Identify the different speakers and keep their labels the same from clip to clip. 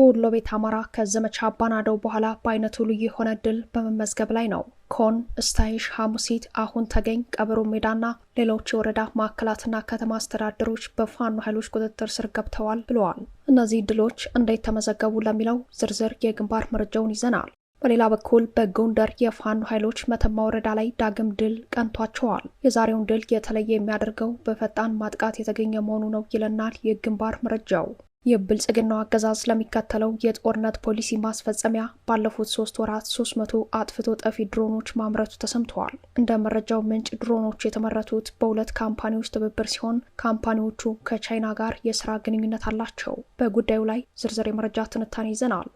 Speaker 1: በወሎ ቤት አማራ ከዘመቻ አባናደው በኋላ በአይነቱ ልዩ የሆነ ድል በመመዝገብ ላይ ነው። ኮን፣ እስታይሽ፣ ሐሙሲት፣ አሁን ተገኝ፣ ቀበሮ ሜዳና ሌሎች የወረዳ ማዕከላትና ከተማ አስተዳደሮች በፋኖ ኃይሎች ቁጥጥር ስር ገብተዋል ብለዋል። እነዚህ ድሎች እንዴት ተመዘገቡ ለሚለው ዝርዝር የግንባር መረጃውን ይዘናል። በሌላ በኩል በጎንደር የፋኖ ኃይሎች መተማ ወረዳ ላይ ዳግም ድል ቀንቷቸዋል። የዛሬውን ድል የተለየ የሚያደርገው በፈጣን ማጥቃት የተገኘ መሆኑ ነው ይለናል የግንባር መረጃው። የብልጽግናው አገዛዝ ለሚከተለው የጦርነት ፖሊሲ ማስፈጸሚያ ባለፉት ሶስት ወራት 300 አጥፍቶ ጠፊ ድሮኖች ማምረቱ ተሰምተዋል። እንደ መረጃው ምንጭ ድሮኖቹ የተመረቱት በሁለት ካምፓኒዎች ትብብር ሲሆን ካምፓኒዎቹ ከቻይና ጋር የስራ ግንኙነት አላቸው። በጉዳዩ ላይ ዝርዝር የመረጃ ትንታኔ ይዘናል።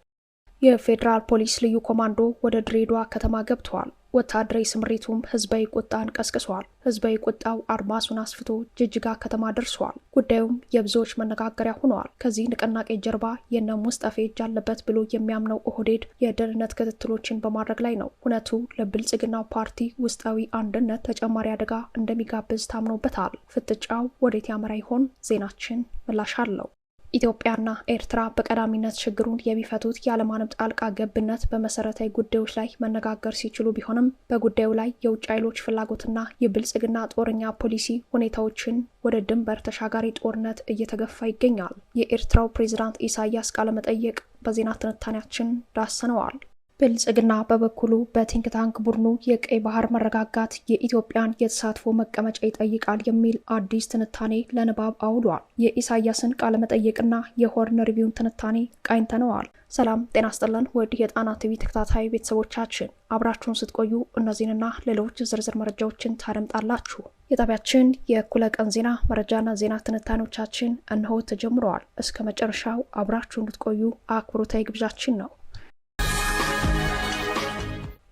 Speaker 1: የፌዴራል ፖሊስ ልዩ ኮማንዶ ወደ ድሬዳዋ ከተማ ገብተዋል። ወታደራዊ ስምሪቱም ህዝባዊ ቁጣን ቀስቅሷል። ህዝባዊ ቁጣው አድማሱን አስፍቶ ጅጅጋ ከተማ ደርሷል። ጉዳዩም የብዙዎች መነጋገሪያ ሆነዋል። ከዚህ ንቅናቄ ጀርባ የነ ሙስጠፌ እጅ አለበት ብሎ የሚያምነው ኦህዴድ የደህንነት ክትትሎችን በማድረግ ላይ ነው። እውነቱ ለብልጽግናው ፓርቲ ውስጣዊ አንድነት ተጨማሪ አደጋ እንደሚጋብዝ ታምኖበታል። ፍጥጫው ወዴት ያመራ ይሆን? ዜናችን ምላሽ አለው። ኢትዮጵያና ኤርትራ በቀዳሚነት ችግሩን የሚፈቱት ያለምንም ጣልቃ ገብነት በመሰረታዊ ጉዳዮች ላይ መነጋገር ሲችሉ ቢሆንም በጉዳዩ ላይ የውጭ ኃይሎች ፍላጎትና የብልጽግና ጦረኛ ፖሊሲ ሁኔታዎችን ወደ ድንበር ተሻጋሪ ጦርነት እየተገፋ ይገኛል። የኤርትራው ፕሬዚዳንት ኢሳያስ ቃለመጠየቅ በዜና ትንታኔያችን ዳሰነዋል። ብልጽግና በበኩሉ በቲንክ ታንክ ቡድኑ የቀይ ባህር መረጋጋት የኢትዮጵያን የተሳትፎ መቀመጫ ይጠይቃል የሚል አዲስ ትንታኔ ለንባብ አውሏል። የኢሳያስን ቃለመጠይቅና የሆርን ሪቪውን ትንታኔ ቃኝተነዋል። ሰላም ጤና ስጥልን ውድ የጣና ቲቪ ተከታታይ ቤተሰቦቻችን አብራችሁን ስትቆዩ እነዚህንና ሌሎች ዝርዝር መረጃዎችን ታደምጣላችሁ። የጣቢያችን የእኩለ ቀን ዜና መረጃና ዜና ትንታኔዎቻችን እነሆ ተጀምረዋል። እስከ መጨረሻው አብራችሁ እንድትቆዩ አክብሮታዊ ግብዣችን ነው።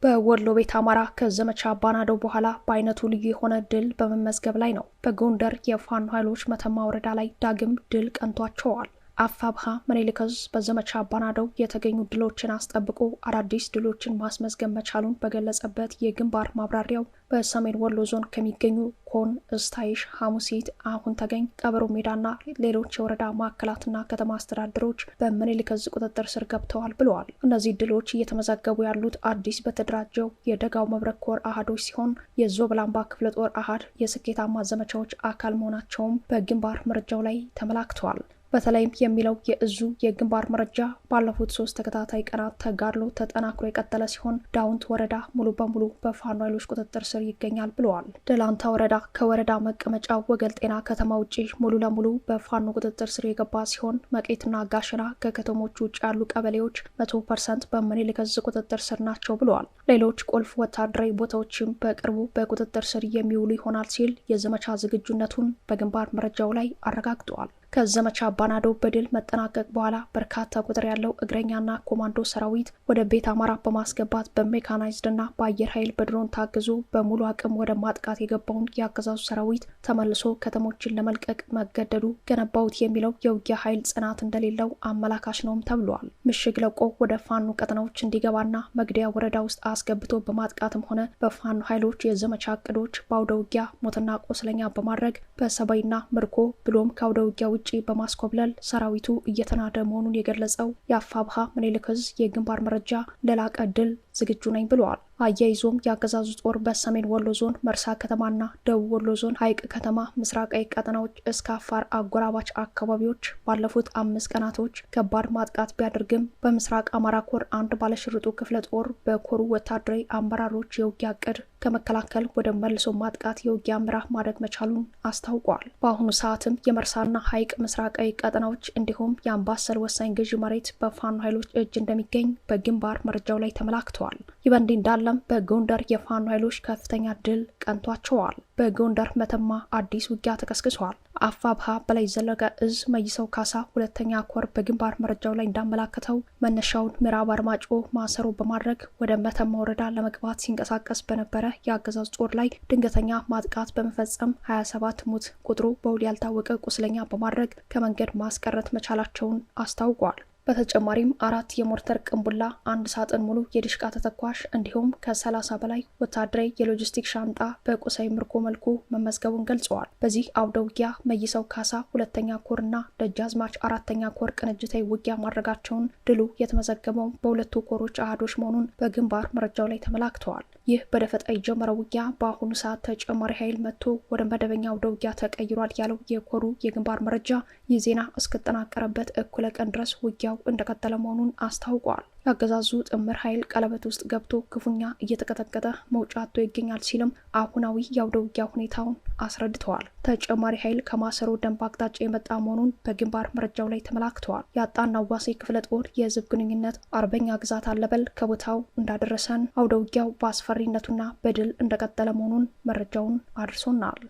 Speaker 1: በወሎ ቤት አማራ ከዘመቻ ባናዶ በኋላ በአይነቱ ልዩ የሆነ ድል በመመዝገብ ላይ ነው። በጎንደር የፋኖ ኃይሎች መተማ ወረዳ ላይ ዳግም ድል ቀንቷቸዋል። አፋብሃ መኔሊከስ በዘመቻ አባናደው የተገኙ ድሎችን አስጠብቆ አዳዲስ ድሎችን ማስመዝገብ መቻሉን በገለጸበት የግንባር ማብራሪያው በሰሜን ወሎ ዞን ከሚገኙ ኮን፣ እስታይሽ፣ ሐሙሲት፣ አሁን ተገኝ፣ ቀበሮ ሜዳና ሌሎች የወረዳ ማዕከላትና ከተማ አስተዳደሮች በምኒልክዝ ቁጥጥር ስር ገብተዋል ብለዋል። እነዚህ ድሎች እየተመዘገቡ ያሉት አዲስ በተደራጀው የደጋው መብረቅ ኮር አህዶች ሲሆን የዞብላምባ ክፍለ ጦር አሃድ የስኬታማ ዘመቻዎች አካል መሆናቸውም በግንባር መረጃው ላይ ተመላክተዋል። በተለይም የሚለው የእዙ የግንባር መረጃ ባለፉት ሶስት ተከታታይ ቀናት ተጋድሎ ተጠናክሮ የቀጠለ ሲሆን ዳውንት ወረዳ ሙሉ በሙሉ በፋኖ ኃይሎች ቁጥጥር ስር ይገኛል ብለዋል። ደላንታ ወረዳ ከወረዳ መቀመጫ ወገል ጤና ከተማ ውጪ ሙሉ ለሙሉ በፋኖ ቁጥጥር ስር የገባ ሲሆን መቄትና ጋሸና ከከተሞቹ ውጭ ያሉ ቀበሌዎች መቶ ፐርሰንት በምኒልክ ዕዝ ቁጥጥር ስር ናቸው ብለዋል። ሌሎች ቁልፍ ወታደራዊ ቦታዎችም በቅርቡ በቁጥጥር ስር የሚውሉ ይሆናል ሲል የዘመቻ ዝግጁነቱን በግንባር መረጃው ላይ አረጋግጠዋል። ከዘመቻ ባናዶ በድል መጠናቀቅ በኋላ በርካታ ቁጥር ያለው እግረኛና ኮማንዶ ሰራዊት ወደ ቤት አማራ በማስገባት በሜካናይዝድና በአየር ኃይል በድሮን ታግዞ በሙሉ አቅም ወደ ማጥቃት የገባውን የአገዛዙ ሰራዊት ተመልሶ ከተሞችን ለመልቀቅ መገደዱ ገነባውት የሚለው የውጊያ ኃይል ጽናት እንደሌለው አመላካሽ ነውም ተብሏል። ምሽግ ለቆ ወደ ፋኖ ቀጠናዎች እንዲገባና መግደያ ወረዳ ውስጥ አስገብቶ በማጥቃትም ሆነ በፋኖ ኃይሎች የዘመቻ እቅዶች በአውደ ውጊያ ሞትና ቆስለኛ በማድረግ በሰባይና ምርኮ ብሎም ከአውደ ውጊያ ውጪ በማስኮብለል ሰራዊቱ እየተናደ መሆኑን የገለጸው የአፋብሃ ምኒልክ የግንባር መረጃ ለላቀ ድል ዝግጁ ነኝ ብለዋል። አያይዞም የአገዛዙ ጦር በሰሜን ወሎ ዞን መርሳ ከተማና ደቡብ ወሎ ዞን ሀይቅ ከተማ ምስራቃዊ ቀጠናዎች እስከ አፋር አጎራባች አካባቢዎች ባለፉት አምስት ቀናቶች ከባድ ማጥቃት ቢያደርግም በምስራቅ አማራ ኮር አንድ ባለሽርጡ ክፍለ ጦር በኮሩ ወታደራዊ አመራሮች የውጊያ እቅድ ከመከላከል ወደ መልሶ ማጥቃት የውጊያ ምዕራፍ ማድረግ መቻሉን አስታውቋል። በአሁኑ ሰዓትም የመርሳና ሀይቅ ምስራቃዊ ቀጠናዎች እንዲሁም የአምባሰል ወሳኝ ገዢ መሬት በፋኖ ኃይሎች እጅ እንደሚገኝ በግንባር መረጃው ላይ ተመላክተዋል። ይህ እንዳለ በኋላም በጎንደር የፋኖ ኃይሎች ከፍተኛ ድል ቀንቷቸዋል። በጎንደር መተማ አዲስ ውጊያ ተቀስቅሷል። አፋብሃ በላይ ዘለቀ እዝ መይሰው ካሳ ሁለተኛ ኮር በግንባር መረጃው ላይ እንዳመላከተው መነሻውን ምዕራብ አርማጭሆ ማሰሮ በማድረግ ወደ መተማ ወረዳ ለመግባት ሲንቀሳቀስ በነበረ የአገዛዝ ጦር ላይ ድንገተኛ ማጥቃት በመፈጸም 27 ሙት ቁጥሩ በውል ያልታወቀ ቁስለኛ በማድረግ ከመንገድ ማስቀረት መቻላቸውን አስታውቋል። በተጨማሪም አራት የሞርተር ቅንቡላ፣ አንድ ሳጥን ሙሉ የድሽቃ ተተኳሽ እንዲሁም ከ30 በላይ ወታደራዊ የሎጂስቲክ ሻንጣ በቁሳዊ ምርኮ መልኩ መመዝገቡን ገልጸዋል። በዚህ አውደ ውጊያ መይሰው ካሳ ሁለተኛ ኮርና ደጃዝማች አራተኛ ኮር ቅንጅታዊ ውጊያ ማድረጋቸውን፣ ድሉ የተመዘገበው በሁለቱ ኮሮች አህዶች መሆኑን በግንባር መረጃው ላይ ተመላክተዋል። ይህ በደፈጣ የጀመረው ውጊያ በአሁኑ ሰዓት ተጨማሪ ኃይል መጥቶ ወደ መደበኛ አውደ ውጊያ ተቀይሯል ያለው የኮሩ የግንባር መረጃ ይህ ዜና እስከጠናቀረበት እኩለ ቀን ድረስ ውጊያ ግድያው እንደቀጠለ መሆኑን አስታውቋል። የአገዛዙ ጥምር ኃይል ቀለበት ውስጥ ገብቶ ክፉኛ እየተቀጠቀጠ መውጫ አጥቶ ይገኛል ሲልም አሁናዊ የአውደ ውጊያ ሁኔታውን አስረድተዋል። ተጨማሪ ኃይል ከማሰሮ ደንብ አቅጣጫ የመጣ መሆኑን በግንባር መረጃው ላይ ተመላክተዋል። የአጣና ዋሴ ክፍለ ጦር የህዝብ ግንኙነት አርበኛ ግዛት አለበል ከቦታው እንዳደረሰን አውደ ውጊያው በአስፈሪነቱና በድል እንደቀጠለ መሆኑን መረጃውን አድርሶናል።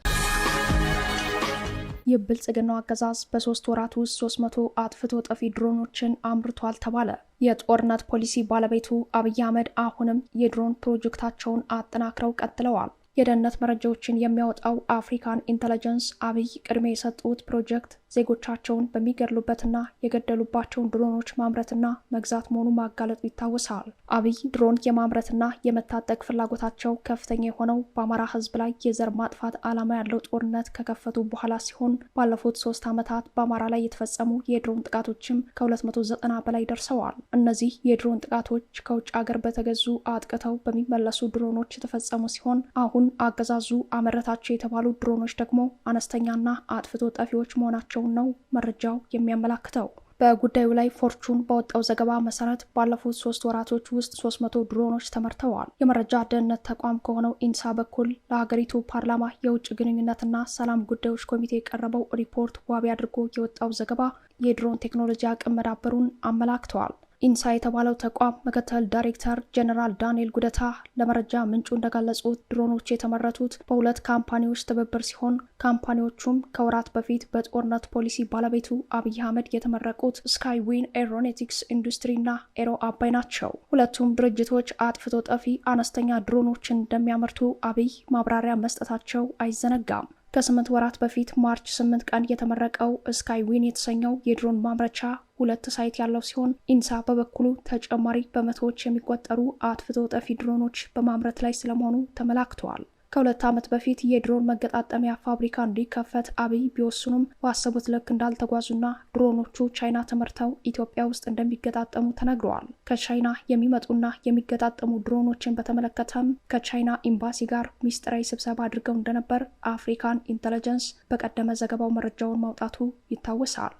Speaker 1: የብልጽግናው አገዛዝ በሶስት ወራት ውስጥ 300 አጥፍቶ ጠፊ ድሮኖችን አምርቷል ተባለ። የጦርነት ፖሊሲ ባለቤቱ አብይ አህመድ አሁንም የድሮን ፕሮጀክታቸውን አጠናክረው ቀጥለዋል። የደህንነት መረጃዎችን የሚያወጣው አፍሪካን ኢንተለጀንስ አብይ ቅድሚያ የሰጡት ፕሮጀክት ዜጎቻቸውን በሚገድሉበትና የገደሉባቸውን ድሮኖች ማምረትና መግዛት መሆኑ ማጋለጡ ይታወሳል። አብይ ድሮን የማምረትና የመታጠቅ ፍላጎታቸው ከፍተኛ የሆነው በአማራ ሕዝብ ላይ የዘር ማጥፋት ዓላማ ያለው ጦርነት ከከፈቱ በኋላ ሲሆን ባለፉት ሶስት ዓመታት በአማራ ላይ የተፈጸሙ የድሮን ጥቃቶችም ከ290 በላይ ደርሰዋል። እነዚህ የድሮን ጥቃቶች ከውጭ ሀገር በተገዙ አጥቅተው በሚመለሱ ድሮኖች የተፈጸሙ ሲሆን አሁን አገዛዙ አመረታቸው የተባሉ ድሮኖች ደግሞ አነስተኛና አጥፍቶ ጠፊዎች መሆናቸውን ነው መረጃው የሚያመላክተው። በጉዳዩ ላይ ፎርቹን በወጣው ዘገባ መሰረት ባለፉት ሶስት ወራቶች ውስጥ 300 ድሮኖች ተመርተዋል። የመረጃ ደህንነት ተቋም ከሆነው ኢንሳ በኩል ለሀገሪቱ ፓርላማ የውጭ ግንኙነትና ሰላም ጉዳዮች ኮሚቴ የቀረበው ሪፖርት ዋቢ አድርጎ የወጣው ዘገባ የድሮን ቴክኖሎጂ አቅም መዳበሩን አመላክተዋል። ኢንሳ የተባለው ተቋም ምክትል ዳይሬክተር ጀነራል ዳንኤል ጉደታ ለመረጃ ምንጩ እንደገለጹት ድሮኖች የተመረቱት በሁለት ካምፓኒዎች ትብብር ሲሆን ካምፓኒዎቹም ከወራት በፊት በጦርነት ፖሊሲ ባለቤቱ አብይ አህመድ የተመረቁት ስካይ ዊን ኤሮኔቲክስ ኢንዱስትሪና ኤሮ አባይ ናቸው። ሁለቱም ድርጅቶች አጥፍቶ ጠፊ አነስተኛ ድሮኖችን እንደሚያመርቱ አብይ ማብራሪያ መስጠታቸው አይዘነጋም። ከስምንት ወራት በፊት ማርች ስምንት ቀን የተመረቀው ስካይ ዊን የተሰኘው የድሮን ማምረቻ ሁለት ሳይት ያለው ሲሆን ኢንሳ በበኩሉ ተጨማሪ በመቶዎች የሚቆጠሩ አጥፍቶ ጠፊ ድሮኖች በማምረት ላይ ስለመሆኑ ተመላክተዋል። ከሁለት ዓመት በፊት የድሮን መገጣጠሚያ ፋብሪካ እንዲከፈት አብይ ቢወስኑም ባሰቡት ልክ እንዳልተጓዙና ድሮኖቹ ቻይና ተመርተው ኢትዮጵያ ውስጥ እንደሚገጣጠሙ ተነግረዋል። ከቻይና የሚመጡና የሚገጣጠሙ ድሮኖችን በተመለከተም ከቻይና ኤምባሲ ጋር ሚስጥራዊ ስብሰባ አድርገው እንደነበር አፍሪካን ኢንተለጀንስ በቀደመ ዘገባው መረጃውን ማውጣቱ ይታወሳል።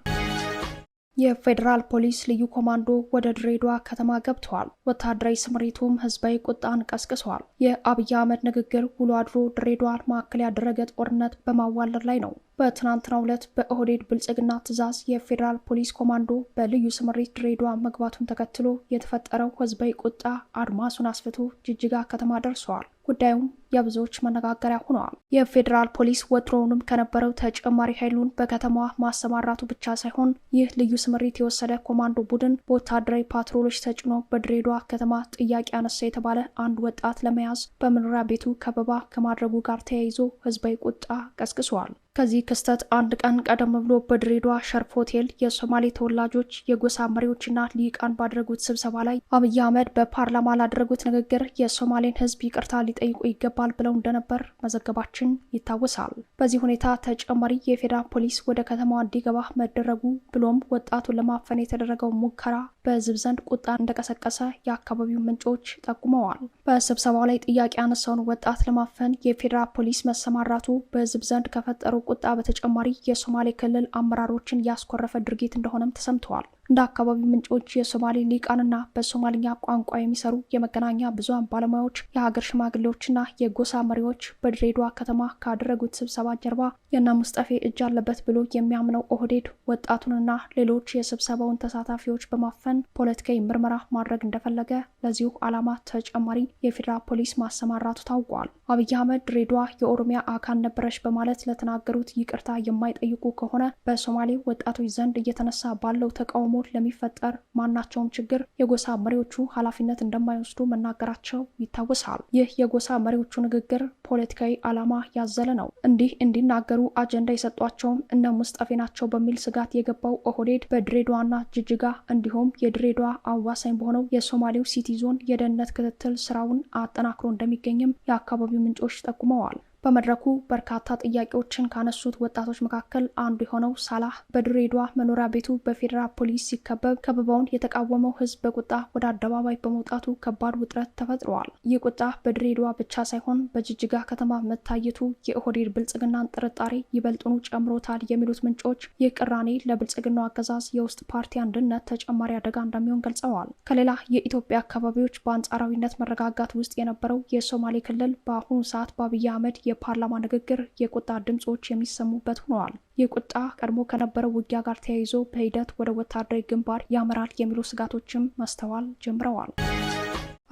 Speaker 1: የፌዴራል ፖሊስ ልዩ ኮማንዶ ወደ ድሬዳዋ ከተማ ገብተዋል። ወታደራዊ ስምሪቱም ህዝባዊ ቁጣን ቀስቅሰዋል። የአብይ አህመድ ንግግር ውሎ አድሮ ድሬዳዋን ማዕከል ያደረገ ጦርነት በማዋለድ ላይ ነው። በትናንትናው ዕለት በኦህዴድ ብልጽግና ትዕዛዝ የፌዴራል ፖሊስ ኮማንዶ በልዩ ስምሪት ድሬዳዋ መግባቱን ተከትሎ የተፈጠረው ህዝባዊ ቁጣ አድማሱን አስፍቶ ጅጅጋ ከተማ ደርሰዋል። ጉዳዩም የብዙዎች መነጋገሪያ ሆነዋል። የፌዴራል ፖሊስ ወትሮውንም ከነበረው ተጨማሪ ኃይሉን በከተማዋ ማሰማራቱ ብቻ ሳይሆን ይህ ልዩ ስምሪት የወሰደ ኮማንዶ ቡድን በወታደራዊ ፓትሮሎች ተጭኖ በድሬዳዋ ከተማ ጥያቄ አነሳ የተባለ አንድ ወጣት ለመያዝ በመኖሪያ ቤቱ ከበባ ከማድረጉ ጋር ተያይዞ ህዝባዊ ቁጣ ቀስቅሷል። ከዚህ ክስተት አንድ ቀን ቀደም ብሎ በድሬዷ ሸርፍ ሆቴል የሶማሌ ተወላጆች የጎሳ መሪዎችና ሊቃን ባደረጉት ስብሰባ ላይ አብይ አህመድ በፓርላማ ላደረጉት ንግግር የሶማሌን ህዝብ ይቅርታ ሊጠይቁ ይገባል ይገባል ብለው እንደነበር መዘገባችን ይታወሳል። በዚህ ሁኔታ ተጨማሪ የፌዴራል ፖሊስ ወደ ከተማዋ እንዲገባ መደረጉ ብሎም ወጣቱን ለማፈን የተደረገው ሙከራ በህዝብ ዘንድ ቁጣ እንደቀሰቀሰ የአካባቢው ምንጮች ጠቁመዋል። በስብሰባው ላይ ጥያቄ ያነሳውን ወጣት ለማፈን የፌዴራል ፖሊስ መሰማራቱ በህዝብ ዘንድ ከፈጠረው ቁጣ በተጨማሪ የሶማሌ ክልል አመራሮችን ያስኮረፈ ድርጊት እንደሆነም ተሰምተዋል። እንደ አካባቢው ምንጮች የሶማሌ ሊቃንና በሶማልኛ ቋንቋ የሚሰሩ የመገናኛ ብዙሃን ባለሙያዎች፣ የሀገር ሽማግሌዎችና የጎሳ መሪዎች በድሬዷ ከተማ ካደረጉት ስብሰባ ጀርባ የና ሙስጠፌ እጅ አለበት ብሎ የሚያምነው ኦህዴድ ወጣቱንና ሌሎች የስብሰባውን ተሳታፊዎች በማፈን በማሰልጠን ፖለቲካዊ ምርመራ ማድረግ እንደፈለገ ለዚሁ ዓላማ ተጨማሪ የፌዴራል ፖሊስ ማሰማራቱ ታውቋል። አብይ አህመድ ድሬዳዋ የኦሮሚያ አካል ነበረች በማለት ለተናገሩት ይቅርታ የማይጠይቁ ከሆነ በሶማሌ ወጣቶች ዘንድ እየተነሳ ባለው ተቃውሞ ለሚፈጠር ማናቸውም ችግር የጎሳ መሪዎቹ ኃላፊነት እንደማይወስዱ መናገራቸው ይታወሳል። ይህ የጎሳ መሪዎቹ ንግግር ፖለቲካዊ ዓላማ ያዘለ ነው። እንዲህ እንዲናገሩ አጀንዳ የሰጧቸውም እነ ሙስጠፌ ናቸው በሚል ስጋት የገባው ኦህዴድ በድሬዷና ጅጅጋ እንዲሁም የድሬዳዋ አዋሳኝ በሆነው የሶማሌው ሲቲ ዞን የደህንነት ክትትል ስራውን አጠናክሮ እንደሚገኝም የአካባቢው ምንጮች ጠቁመዋል። በመድረኩ በርካታ ጥያቄዎችን ካነሱት ወጣቶች መካከል አንዱ የሆነው ሳላህ በድሬዷ መኖሪያ ቤቱ በፌዴራል ፖሊስ ሲከበብ ከበባውን የተቃወመው ሕዝብ በቁጣ ወደ አደባባይ በመውጣቱ ከባድ ውጥረት ተፈጥረዋል። ይህ ቁጣ በድሬዳዋ ብቻ ሳይሆን በጅጅጋ ከተማ መታየቱ የኦህዴድ ብልጽግናን ጥርጣሬ ይበልጡኑ ጨምሮታል የሚሉት ምንጮች ይህ ቅራኔ ለብልጽግናው አገዛዝ የውስጥ ፓርቲ አንድነት ተጨማሪ አደጋ እንደሚሆን ገልጸዋል። ከሌላ የኢትዮጵያ አካባቢዎች በአንጻራዊነት መረጋጋት ውስጥ የነበረው የሶማሌ ክልል በአሁኑ ሰዓት በአብይ አህመድ የፓርላማ ንግግር የቁጣ ድምፆች የሚሰሙበት ሆነዋል። ይህ ቁጣ ቀድሞ ከነበረው ውጊያ ጋር ተያይዞ በሂደት ወደ ወታደራዊ ግንባር ያመራል የሚሉ ስጋቶችም መስተዋል ጀምረዋል።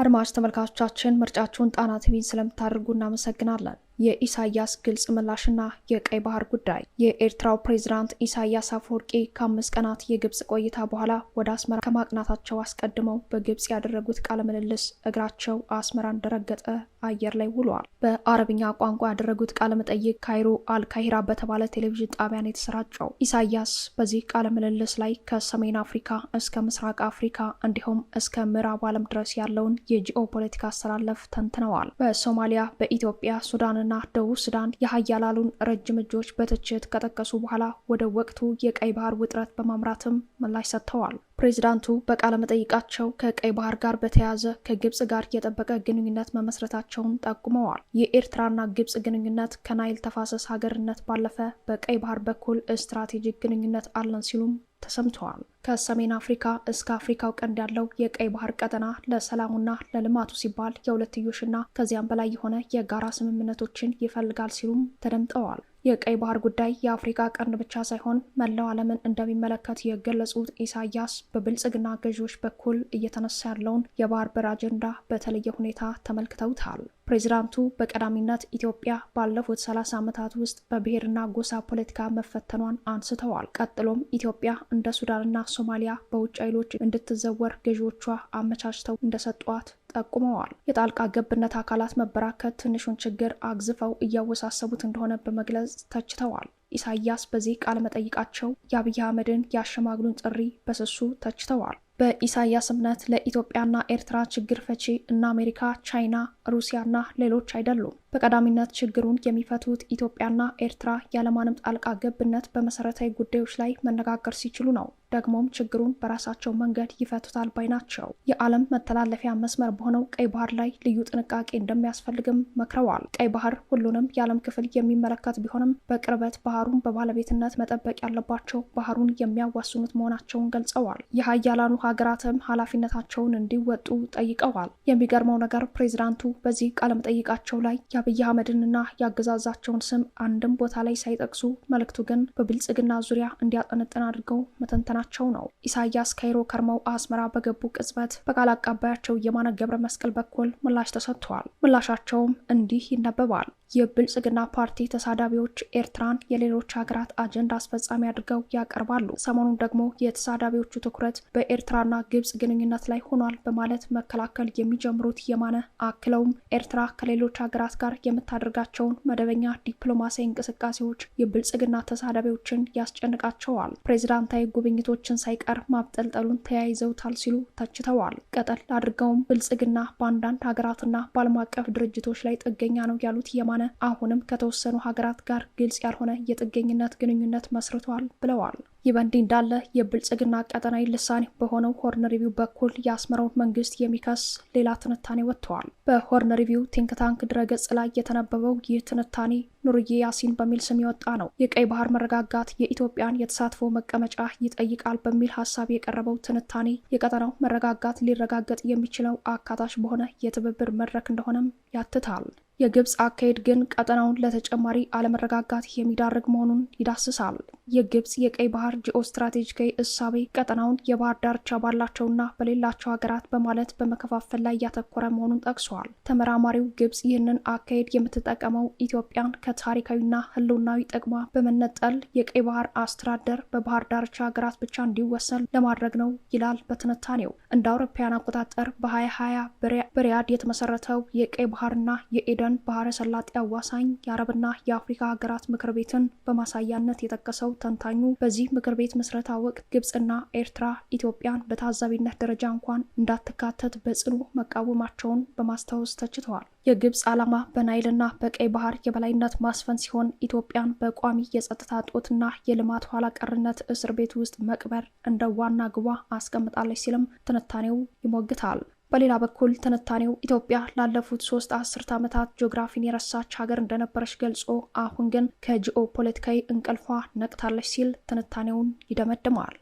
Speaker 1: አድማጭ ተመልካቾቻችን ምርጫችሁን ጣና ቲቪን ስለምታደርጉ እናመሰግናለን። የኢሳያስ ግልጽ ምላሽና የቀይ ባህር ጉዳይ። የኤርትራው ፕሬዝዳንት ኢሳያስ አፈወርቂ ከአምስት ቀናት የግብጽ ቆይታ በኋላ ወደ አስመራ ከማቅናታቸው አስቀድመው በግብጽ ያደረጉት ቃለ ምልልስ እግራቸው አስመራ እንደረገጠ አየር ላይ ውሏል። በአረብኛ ቋንቋ ያደረጉት ቃለ መጠይቅ ካይሮ አልካሂራ በተባለ ቴሌቪዥን ጣቢያን የተሰራጨው። ኢሳያስ በዚህ ቃለ ምልልስ ላይ ከሰሜን አፍሪካ እስከ ምስራቅ አፍሪካ እንዲሁም እስከ ምዕራብ ዓለም ድረስ ያለውን የጂኦፖለቲካ አሰላለፍ ተንትነዋል። በሶማሊያ፣ በኢትዮጵያ፣ ሱዳን ኢትዮጵያና ደቡብ ሱዳን የሀያላሉን ረጅም እጆች በትችት ከጠቀሱ በኋላ ወደ ወቅቱ የቀይ ባህር ውጥረት በማምራትም ምላሽ ሰጥተዋል። ፕሬዚዳንቱ በቃለ መጠይቃቸው ከቀይ ባህር ጋር በተያያዘ ከግብጽ ጋር የጠበቀ ግንኙነት መመስረታቸውን ጠቁመዋል። የኤርትራና ግብጽ ግንኙነት ከናይል ተፋሰስ ሀገርነት ባለፈ በቀይ ባህር በኩል ስትራቴጂክ ግንኙነት አለን ሲሉም ተሰምተዋል። ከሰሜን አፍሪካ እስከ አፍሪካው ቀንድ ያለው የቀይ ባህር ቀጠና ለሰላሙና ለልማቱ ሲባል የሁለትዮሽና ከዚያም በላይ የሆነ የጋራ ስምምነቶችን ይፈልጋል ሲሉም ተደምጠዋል። የቀይ ባህር ጉዳይ የአፍሪካ ቀንድ ብቻ ሳይሆን መላው ዓለምን እንደሚመለከት የገለጹት ኢሳያስ በብልጽግና ገዢዎች በኩል እየተነሳ ያለውን የባህር በር አጀንዳ በተለየ ሁኔታ ተመልክተውታል። ፕሬዚዳንቱ በቀዳሚነት ኢትዮጵያ ባለፉት 30 ዓመታት ውስጥ በብሔርና ጎሳ ፖለቲካ መፈተኗን አንስተዋል። ቀጥሎም ኢትዮጵያ እንደ ሱዳንና ሶማሊያ በውጭ ኃይሎች እንድትዘወር ገዢዎቿ አመቻችተው እንደሰጧት ጠቁመዋል። የጣልቃ ገብነት አካላት መበራከት ትንሹን ችግር አግዝፈው እያወሳሰቡት እንደሆነ በመግለጽ ተችተዋል። ኢሳያስ በዚህ ቃለ መጠይቃቸው የአብይ አህመድን የአሸማግሉን ጥሪ በስሱ ተችተዋል። በኢሳያስ እምነት ለኢትዮጵያና ኤርትራ ችግር ፈቺ እነ አሜሪካ፣ ቻይና፣ ሩሲያና ሌሎች አይደሉም። በቀዳሚነት ችግሩን የሚፈቱት ኢትዮጵያና ኤርትራ ያለማንም ጣልቃ ገብነት በመሰረታዊ ጉዳዮች ላይ መነጋገር ሲችሉ ነው። ደግሞም ችግሩን በራሳቸው መንገድ ይፈቱታል ባይ ናቸው። የዓለም መተላለፊያ መስመር በሆነው ቀይ ባህር ላይ ልዩ ጥንቃቄ እንደሚያስፈልግም መክረዋል። ቀይ ባህር ሁሉንም የዓለም ክፍል የሚመለከት ቢሆንም በቅርበት ባህሩን በባለቤትነት መጠበቅ ያለባቸው ባህሩን የሚያዋስኑት መሆናቸውን ገልጸዋል። የሀያላኑ ሀገራትም ኃላፊነታቸውን እንዲወጡ ጠይቀዋል። የሚገርመው ነገር ፕሬዚዳንቱ በዚህ ቃለመጠይቃቸው ላይ የአብይ አህመድንና የአገዛዛቸውን ስም አንድም ቦታ ላይ ሳይጠቅሱ መልእክቱ ግን በብልጽግና ዙሪያ እንዲያጠነጥን አድርገው መተንተናቸው ነው። ኢሳያስ ካይሮ ከርመው አስመራ በገቡ ቅጽበት በቃል አቀባያቸው የማነ ገብረ መስቀል በኩል ምላሽ ተሰጥተዋል። ምላሻቸውም እንዲህ ይነበባል። የብልጽግና ፓርቲ ተሳዳቢዎች ኤርትራን የሌሎች ሀገራት አጀንዳ አስፈጻሚ አድርገው ያቀርባሉ። ሰሞኑን ደግሞ የተሳዳቢዎቹ ትኩረት በኤርትራና ግብጽ ግንኙነት ላይ ሆኗል በማለት መከላከል የሚጀምሩት የማነ አክለውም ኤርትራ ከሌሎች ሀገራት ጋር የምታደርጋቸውን መደበኛ ዲፕሎማሲያዊ እንቅስቃሴዎች የብልጽግና ተሳዳቢዎችን ያስጨንቃቸዋል፣ ፕሬዚዳንታዊ ጉብኝቶችን ሳይቀር ማብጠልጠሉን ተያይዘውታል ሲሉ ተችተዋል። ቀጠል አድርገውም ብልጽግና በአንዳንድ ሀገራትና በዓለም አቀፍ ድርጅቶች ላይ ጥገኛ ነው ያሉት የማ ሆነ አሁንም ከተወሰኑ ሀገራት ጋር ግልጽ ያልሆነ የጥገኝነት ግንኙነት መስርተዋል ብለዋል። ይህ በእንዲህ እንዳለ የብልጽግና ቀጠናዊ ልሳኔ በሆነው ሆርን ሪቪው በኩል የአስመራውን መንግስት የሚከስ ሌላ ትንታኔ ወጥተዋል። በሆርን ሪቪው ቲንክታንክ ድረገጽ ላይ የተነበበው ይህ ትንታኔ ኑርዬ ያሲን በሚል ስም የወጣ ነው። የቀይ ባህር መረጋጋት የኢትዮጵያን የተሳትፎ መቀመጫ ይጠይቃል በሚል ሀሳብ የቀረበው ትንታኔ የቀጠናው መረጋጋት ሊረጋገጥ የሚችለው አካታች በሆነ የትብብር መድረክ እንደሆነም ያትታል። የግብፅ አካሄድ ግን ቀጠናውን ለተጨማሪ አለመረጋጋት የሚዳርግ መሆኑን ይዳስሳል። የግብፅ የቀይ ባህር ጂኦ ስትራቴጂካዊ እሳቤ ቀጠናውን የባህር ዳርቻ ባላቸውና በሌላቸው ሀገራት በማለት በመከፋፈል ላይ ያተኮረ መሆኑን ጠቅሷል። ተመራማሪው ግብፅ ይህንን አካሄድ የምትጠቀመው ኢትዮጵያን ከታሪካዊና ህልውናዊ ጥቅሟ በመነጠል የቀይ ባህር አስተዳደር በባህር ዳርቻ ሀገራት ብቻ እንዲወሰን ለማድረግ ነው ይላል በትንታኔው። እንደ አውሮፓውያን አቆጣጠር በ2020 በሪያድ የተመሰረተው የቀይ ባህርና የኤደን የባህረን ባህረ ሰላጤ አዋሳኝ የአረብና የአፍሪካ ሀገራት ምክር ቤትን በማሳያነት የጠቀሰው ተንታኙ በዚህ ምክር ቤት ምስረታ ወቅት ግብፅና ኤርትራ ኢትዮጵያን በታዛቢነት ደረጃ እንኳን እንዳትካተት በጽኑ መቃወማቸውን በማስታወስ ተችተዋል። የግብፅ ዓላማ በናይልና በቀይ ባህር የበላይነት ማስፈን ሲሆን ኢትዮጵያን በቋሚ የጸጥታ ጦትና የልማት ኋላ ቀርነት እስር ቤት ውስጥ መቅበር እንደ ዋና ግቧ አስቀምጣለች ሲልም ትንታኔው ይሞግታል። በሌላ በኩል ትንታኔው ኢትዮጵያ ላለፉት ሶስት አስርት ዓመታት ጂኦግራፊን የረሳች ሀገር እንደነበረች ገልጾ አሁን ግን ከጂኦ ፖለቲካዊ እንቅልፏ ነቅታለች ሲል ትንታኔውን ይደመድመዋል።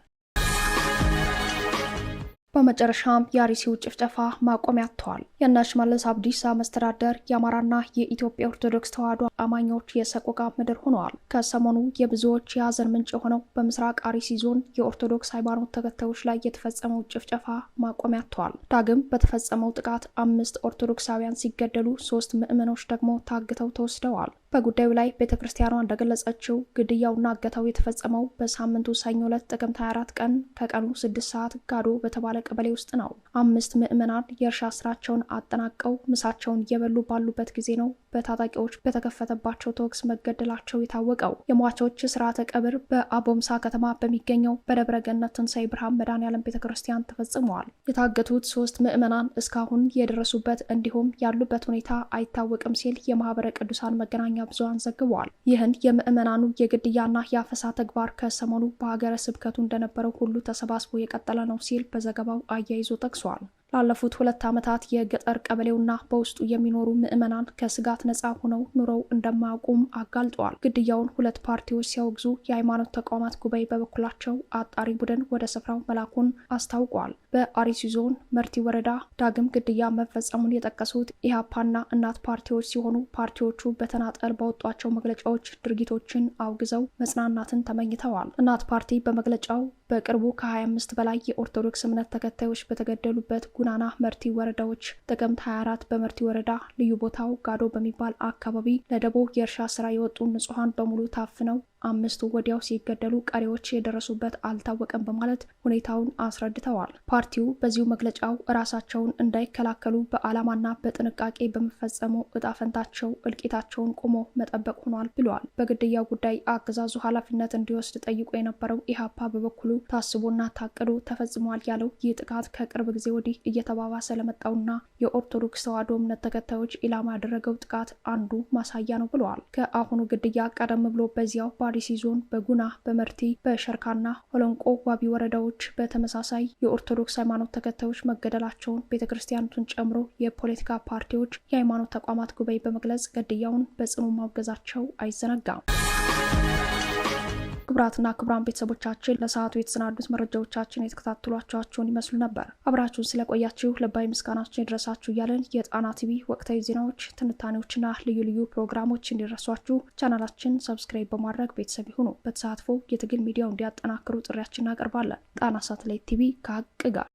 Speaker 1: በመጨረሻም የአርሲው ጭፍጨፋ ማቆም ያጥተዋል። የአሽመለስ አብዲሳ መስተዳደር የአማራና የኢትዮጵያ ኦርቶዶክስ ተዋሕዶ አማኞች የሰቆቃ ምድር ሆነዋል። ከሰሞኑ የብዙዎች የሀዘን ምንጭ የሆነው በምስራቅ አርሲ ዞን የኦርቶዶክስ ሃይማኖት ተከታዮች ላይ የተፈጸመው ጭፍጨፋ ማቆም ያጥተዋል። ዳግም በተፈጸመው ጥቃት አምስት ኦርቶዶክሳውያን ሲገደሉ፣ ሶስት ምዕመኖች ደግሞ ታግተው ተወስደዋል። በጉዳዩ ላይ ቤተ ክርስቲያኗ እንደገለጸችው ግድያውና እገታው የተፈጸመው በሳምንቱ ሰኞ ዕለት ጥቅምት 24 ቀን ከቀኑ 6 ሰዓት ጋዶ በተባለ ቀበሌ ውስጥ ነው። አምስት ምዕመናን የእርሻ ስራቸውን አጠናቀው ምሳቸውን እየበሉ ባሉበት ጊዜ ነው በታጣቂዎች በተከፈተባቸው ተኩስ መገደላቸው የታወቀው። የሟቾች ስርዓተ ቀብር በአቦምሳ ከተማ በሚገኘው በደብረ ገነት ትንሣኤ ብርሃን መድኃኔዓለም ቤተ ክርስቲያን ተፈጽመዋል። የታገቱት ሶስት ምዕመናን እስካሁን የደረሱበት እንዲሁም ያሉበት ሁኔታ አይታወቅም ሲል የማህበረ ቅዱሳን መገናኛ መገናኛ ብዙሀን ዘግበዋል። ይህን የምዕመናኑ የግድያና የአፈሳ ተግባር ከሰሞኑ በሀገረ ስብከቱ እንደነበረው ሁሉ ተሰባስቦ የቀጠለ ነው ሲል በዘገባው አያይዞ ጠቅሷል። ላለፉት ሁለት ዓመታት የገጠር ቀበሌውና በውስጡ የሚኖሩ ምዕመናን ከስጋት ነፃ ሆነው ኑረው እንደማያውቁም አጋልጠዋል። ግድያውን ሁለት ፓርቲዎች ሲያወግዙ የሃይማኖት ተቋማት ጉባኤ በበኩላቸው አጣሪ ቡድን ወደ ስፍራው መላኩን አስታውቋል። በአሪሲ ዞን መርቲ ወረዳ ዳግም ግድያ መፈጸሙን የጠቀሱት ኢህአፓና እናት ፓርቲዎች ሲሆኑ ፓርቲዎቹ በተናጠል ባወጧቸው መግለጫዎች ድርጊቶችን አውግዘው መጽናናትን ተመኝተዋል። እናት ፓርቲ በመግለጫው በቅርቡ ከ25 በላይ የኦርቶዶክስ እምነት ተከታዮች በተገደሉበት ጉናና መርቲ ወረዳዎች ጥቅምት 24 በመርቲ ወረዳ ልዩ ቦታው ጋዶ በሚባል አካባቢ ለደቦ የእርሻ ስራ የወጡ ንጹሐን በሙሉ ታፍነው አምስቱ ወዲያው ሲገደሉ ቀሪዎች የደረሱበት አልታወቀም በማለት ሁኔታውን አስረድተዋል። ፓርቲው በዚሁ መግለጫው ራሳቸውን እንዳይከላከሉ በዓላማና በጥንቃቄ በመፈጸሙ እጣፈንታቸው እልቂታቸውን ቆሞ መጠበቅ ሆኗል ብለዋል። በግድያው ጉዳይ አገዛዙ ኃላፊነት እንዲወስድ ጠይቆ የነበረው ኢህአፓ በበኩሉ ታስቦና ታቅዶ ተፈጽሟል ያለው ይህ ጥቃት ከቅርብ ጊዜ ወዲህ እየተባባሰ ለመጣውና የኦርቶዶክስ ተዋሕዶ እምነት ተከታዮች ኢላማ ያደረገው ጥቃት አንዱ ማሳያ ነው ብለዋል። ከአሁኑ ግድያ ቀደም ብሎ በዚያው ባ በአርሲ ዞን በጉና በመርቲ በሸርካና ሆለንቆ ዋቢ ወረዳዎች በተመሳሳይ የኦርቶዶክስ ሃይማኖት ተከታዮች መገደላቸውን ቤተ ክርስቲያኑን ጨምሮ የፖለቲካ ፓርቲዎች የሃይማኖት ተቋማት ጉባኤ በመግለጽ ግድያውን በጽኑ ማውገዛቸው አይዘነጋም። ክቡራትና ክቡራን ቤተሰቦቻችን ለሰዓቱ የተሰናዱት መረጃዎቻችን የተከታተሏቸኋቸውን ይመስሉ ነበር። አብራችሁን ስለቆያችሁ ልባዊ ምስጋናችን ይድረሳችሁ እያለን የጣና ቲቪ ወቅታዊ ዜናዎች፣ ትንታኔዎችና ልዩ ልዩ ፕሮግራሞች እንዲደርሷችሁ ቻናላችን ሰብስክራይብ በማድረግ ቤተሰብ ይሁኑ። በተሳትፎ የትግል ሚዲያው እንዲያጠናክሩ ጥሪያችን እናቀርባለን። ጣና ሳተላይት ቲቪ ከሀቅ ጋር